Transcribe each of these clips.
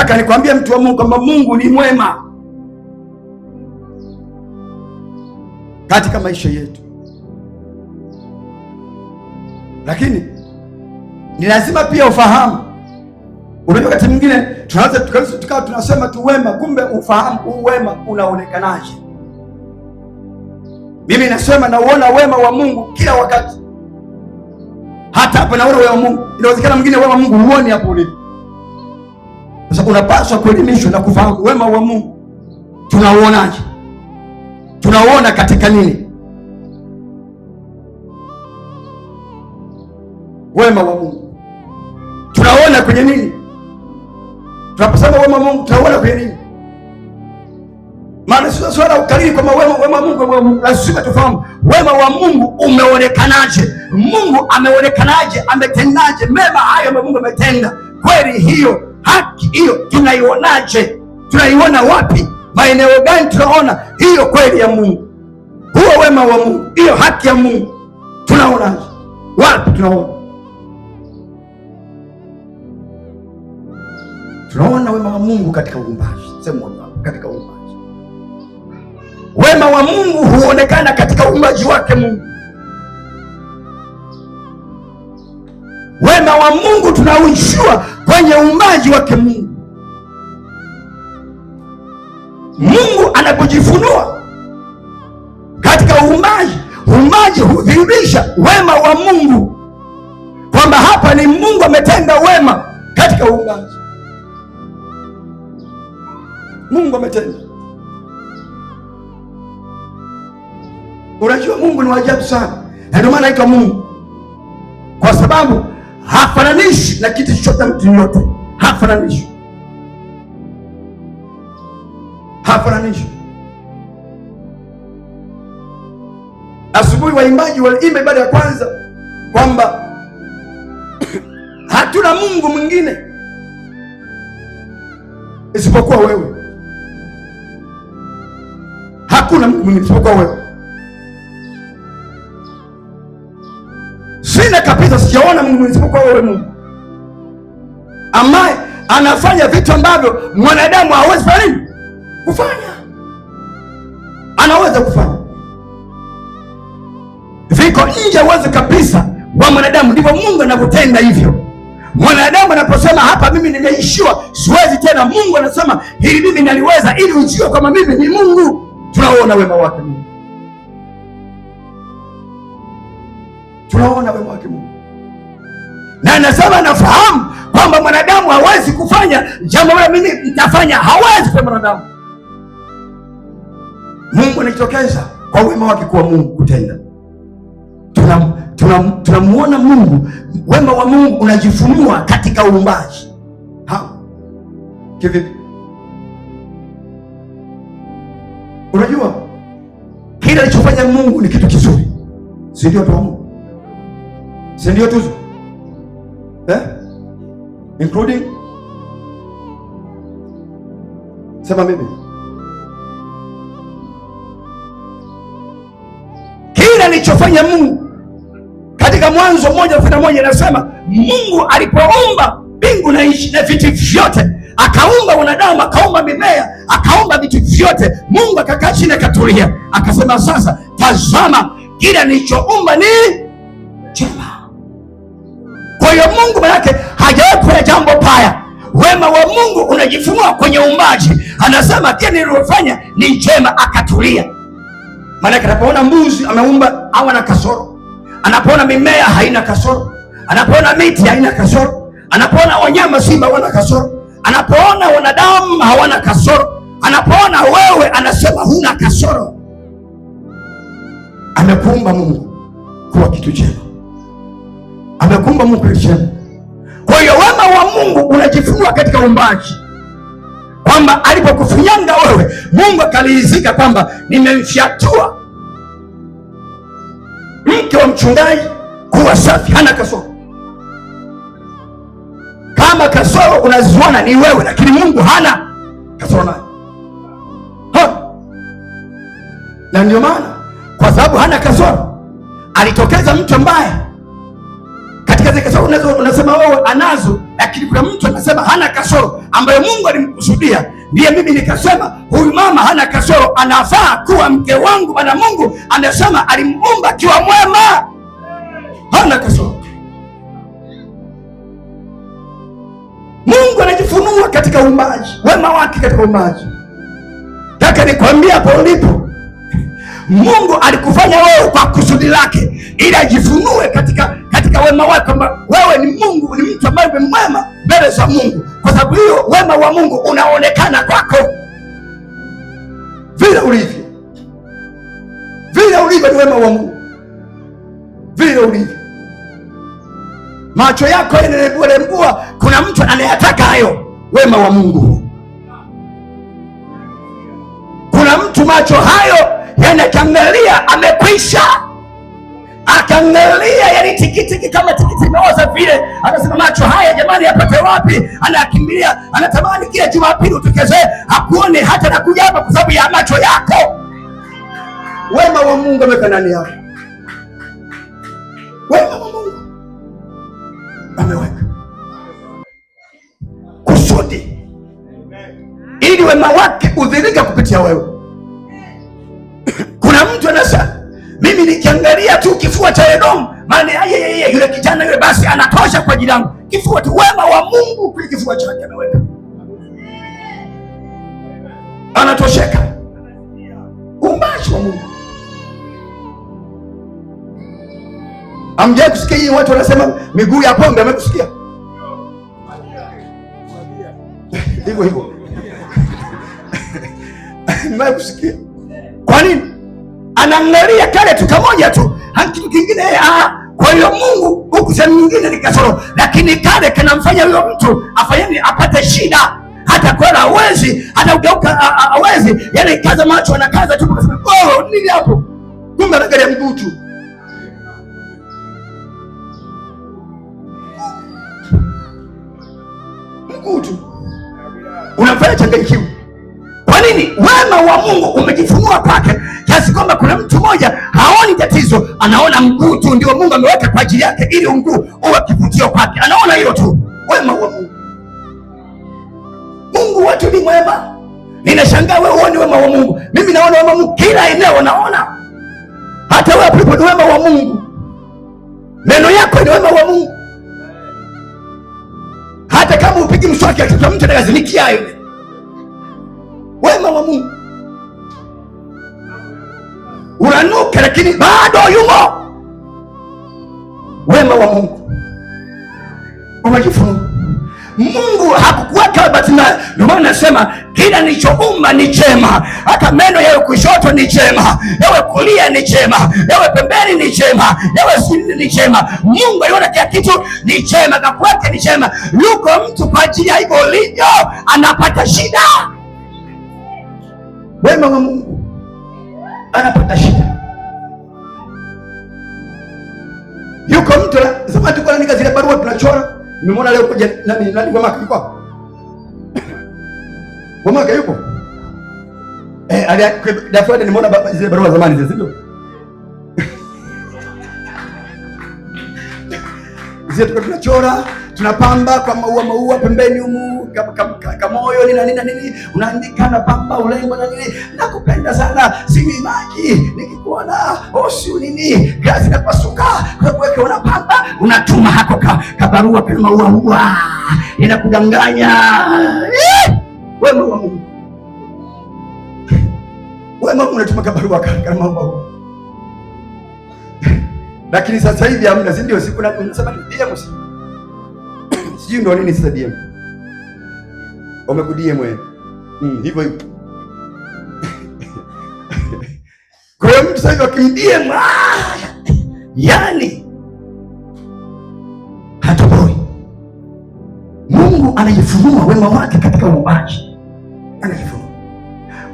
Nataka nikwambie mtu wa Mungu kwamba Mungu ni mwema katika maisha yetu, lakini ni lazima pia ufahamu. Unajua, wakati mwingine tunaweza tukawa tunasema tu wema, kumbe ufahamu huu wema unaonekanaje? Mimi nasema nauona wema wa Mungu kila wakati, hata hapa naona wema wa Mungu. Inawezekana mwingine wema wa Mungu huoni hapo ulipo sasa unapaswa kuelimishwa na kufahamu wema wa Mungu. Tunauonaje? Tunauona katika nini? Wema wa Mungu tunauona kwenye nini? Tunaposema wema wa Mungu tunauona kwenye nini? Maana sio swala ukalili kwa wema, wema wa Mungu, wema Mungu. Lazima tufahamu wema wa Mungu umeonekanaje, Mungu ameonekanaje, ametendaje mema hayo ambayo Mungu ametenda. Kweli hiyo Haki hiyo tunaionaje? Tunaiona wapi? Maeneo gani tunaona hiyo kweli ya Mungu, huo wema wa Mungu, hiyo haki ya Mungu tunaonaje? Wapi tunaona tunaona wema wa Mungu katika uumbaji. Sema katika uumbaji, wema wa Mungu huonekana katika uumbaji wake Mungu. Wema wa Mungu tunaujua kwenye uumbaji wake Mungu. Mungu anapojifunua katika uumbaji, uumbaji hudhihirisha wema wa Mungu, kwamba hapa ni Mungu ametenda wema katika uumbaji. Mungu ametenda. Unajua, Mungu ni wajabu sana, na ndio maana aitwa Mungu kwa sababu hafananishi na kitu chochote, mtu yote hafananishi, hafananishi. Asubuhi waimbaji waliimba ibada ya kwanza kwamba hatuna Mungu mwingine isipokuwa wewe, hakuna Mungu mwingine isipokuwa wewe. mbele kabisa, sijaona Mungu isipokuwa wewe Mungu ambaye anafanya vitu ambavyo mwanadamu hawezi fanya nini kufanya, anaweza kufanya viko nje uwezo kabisa wa mwanadamu. Ndivyo Mungu anavyotenda hivyo. Mwanadamu anaposema hapa, mimi nimeishiwa, siwezi tena, Mungu anasema hili mimi naliweza, ili ujue kwamba mimi ni Mungu. Tunaona wema wake Mungu. tunaona wema wake Mungu, na anasema nafahamu kwamba mwanadamu hawezi kufanya jambo la mimi nitafanya, hawezi kwa mwanadamu. Mungu anajitokeza kwa wema wake, kwa Mungu kutenda. Tunamuona tuna, tuna Mungu, wema wa Mungu unajifunua katika uumbaji. Kivipi? Unajua kile alichofanya Mungu ni kitu kizuri, si ndio? si ndio tuzo eh? including sema mimi kila nilichofanya Mungu katika Mwanzo moja thelathini na moja inasema Mungu alipoumba mbingu na nchi na vitu vyote akaumba wanadamu, akaumba mimea, akaumba vitu vyote. Mungu akakaa chini, akatulia, akasema, sasa tazama, kila nilichoumba ni chema hiyo Mungu manake hajawahi kufanya jambo baya. Wema wa Mungu unajifunua kwenye umaji Anasema kile nililofanya ni jema akatulia. manake anapoona mbuzi ameumba hawana kasoro, anapoona mimea haina kasoro, anapoona miti haina kasoro, anapoona wanyama simba hawana kasoro, anapoona wanadamu hawana kasoro, anapoona wewe anasema huna kasoro. Amekuumba Mungu kuwa kitu chema amekumba Mungu kishema. Kwa hiyo wema wa Mungu unajifunua katika uumbaji, kwamba alipokufinyanga wewe Mungu akalizika kwamba nimemfyatua mke wa mchungaji kuwa safi, hana kasoro. Kama kasoro unaziona ni wewe, lakini Mungu hana kasoro naye, na ndio maana kwa sababu hana kasoro alitokeza mtu ambaye unasema wewe oh, anazo, lakini kuna mtu anasema hana kasoro ambayo Mungu alimkusudia. Ndiye mimi nikasema huyu mama hana kasoro, anafaa kuwa mke wangu, maana Mungu anasema alimuumba akiwa mwema, hana kasoro. Mungu anajifunua katika uumbaji, wema wake katika uumbaji. Taka nikwambia hapo ulipo Mungu alikufanya wewe kwa kusudi lake ili ajifunue katika katika wema wake kwamba wewe ni Mungu, ni mtu ambaye mwema mbele za Mungu. Kwa sababu hiyo wema wa Mungu unaonekana kwako vile ulivyo, vile ulivyo ni wema wa Mungu, vile ulivyo. Macho yako yanarembua kuna mtu anayataka hayo wema wa Mungu. Kuna mtu macho hayo yanakangalia, amekwisha akangalia yani tikitiki kama tikiti imeoza vile, anasema macho haya jamani, yapate wapi? Anakimbilia, anatamani kila Jumapili utokezee akuone hata na kuja hapa, kwa sababu ya macho yako. Wema wa Mungu ameweka ndani yako, wema wa Mungu ameweka kusudi ili wema wake udhirike kupitia wewe. Kuna mtu anasa mimi nikiangalia tu kifua cha Edomu, maana yeye yule kijana yule basi anatosha kwa ajili yangu. Kifua tu, wema wa Mungu kwa kifua chake ameweka, anatosheka. Umbaji wa Mungu. Amjai kusikia hii, watu wanasema miguu ya pombe. Amekusikia hivyo hivyo? Mekusikia kwa nini? anaangalia kale tu kamoja tu, hakitu kingine. Ah, ah. Kwa hiyo Mungu huku sehemu nyingine ni kasoro, lakini kale kanamfanya huyo mtu afanyeni apate shida, hata kwenda hawezi, hata ugeuka hawezi. Yani kaza macho, kaza tu kasema oh, nini hapo, kumbe anaangalia mguu tu. Mguu tu unamfanya changanyikiwa kweli wema wa Mungu umejifunua kwake kiasi kwamba kuna mtu mmoja haoni tatizo, anaona mguu tu ndio Mungu ameweka kwa ajili yake, ili mguu uwe kivutio kwake, anaona hilo tu, wema wa Mungu. Mungu wetu ni mwema. Ninashangaa wewe uone wema wa Mungu, mimi naona wema Mungu kila eneo, naona hata wewe ulipo ni wema wa Mungu, meno yako ni wema wa Mungu, hata kama upigi mswaki, mtu anagazinikia yule wema wa Mungu uranuke, lakini bado yumo wema wa Mungu unajifunua. Mungu hakukuweka bahati mbaya. Ndio maana nasema kila nilichoumba ni chema, hata meno yawe kushoto ni chema, yawe kulia ni chema, yawe pembeni ni chema, yawe sini ni chema. Mungu aliona kila kitu ni chema, kakuweka ni chema. Yuko mtu kwa ajili ya hivyo ulivyo, anapata shida wema wa Mungu anapata shida. Yuko mtu zamani tulikuwa tunaandika zile barua tunachora, nimemwona leo kuja nani nani kwa maka kwa maka yuko eh, ali dafa nimeona zile barua zamani zile, sio zile tulikuwa tunachora tunapamba kwa maua maua pembeni humu kamoyo nina nina nini unaandika na pamba ulengo na nini. Nakupenda sana, simi maji nikikuona osi nini, gazi napasuka kakuweke una pamba, unatuma hako ka, kabarua kama uaua inakudanganya eh! we wa Mungu, we Mungu, unatuma kabarua kama uaua lakini sasa hivi hamna, si ndio? siku na sababia msi sijui ndio nini sasa DM wamekudie mwene hmm, hivyo hivyo. Kwa hiyo mtu sasa hivi akimdie yani hatoboi. Mungu anajifunua wema wake katika uumbaji.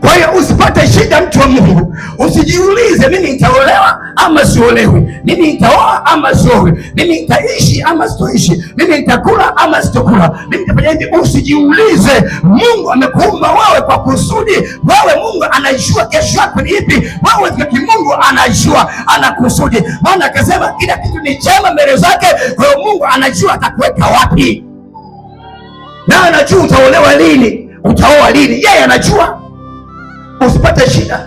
Kwa hiyo usipate shida, mtu wa Mungu, usijiulize mimi nitaolewa ama siolewi, mimi nitaoa ama siowe, mimi nitaishi ama sitoishi, mimi nitakula ama sitokula, mimi nitafanya hivi. Usijiulize. Mungu amekuumba wewe kwa kusudi. Wewe Mungu anajua kesho yako ni ipi. Wewe kimungu anajua, ana kusudi, maana akasema kila kitu ni chema mbele zake. Kwa hiyo Mungu anajua atakuweka wapi, na anajua utaolewa lini, utaoa lini, yeye anajua usipate shida.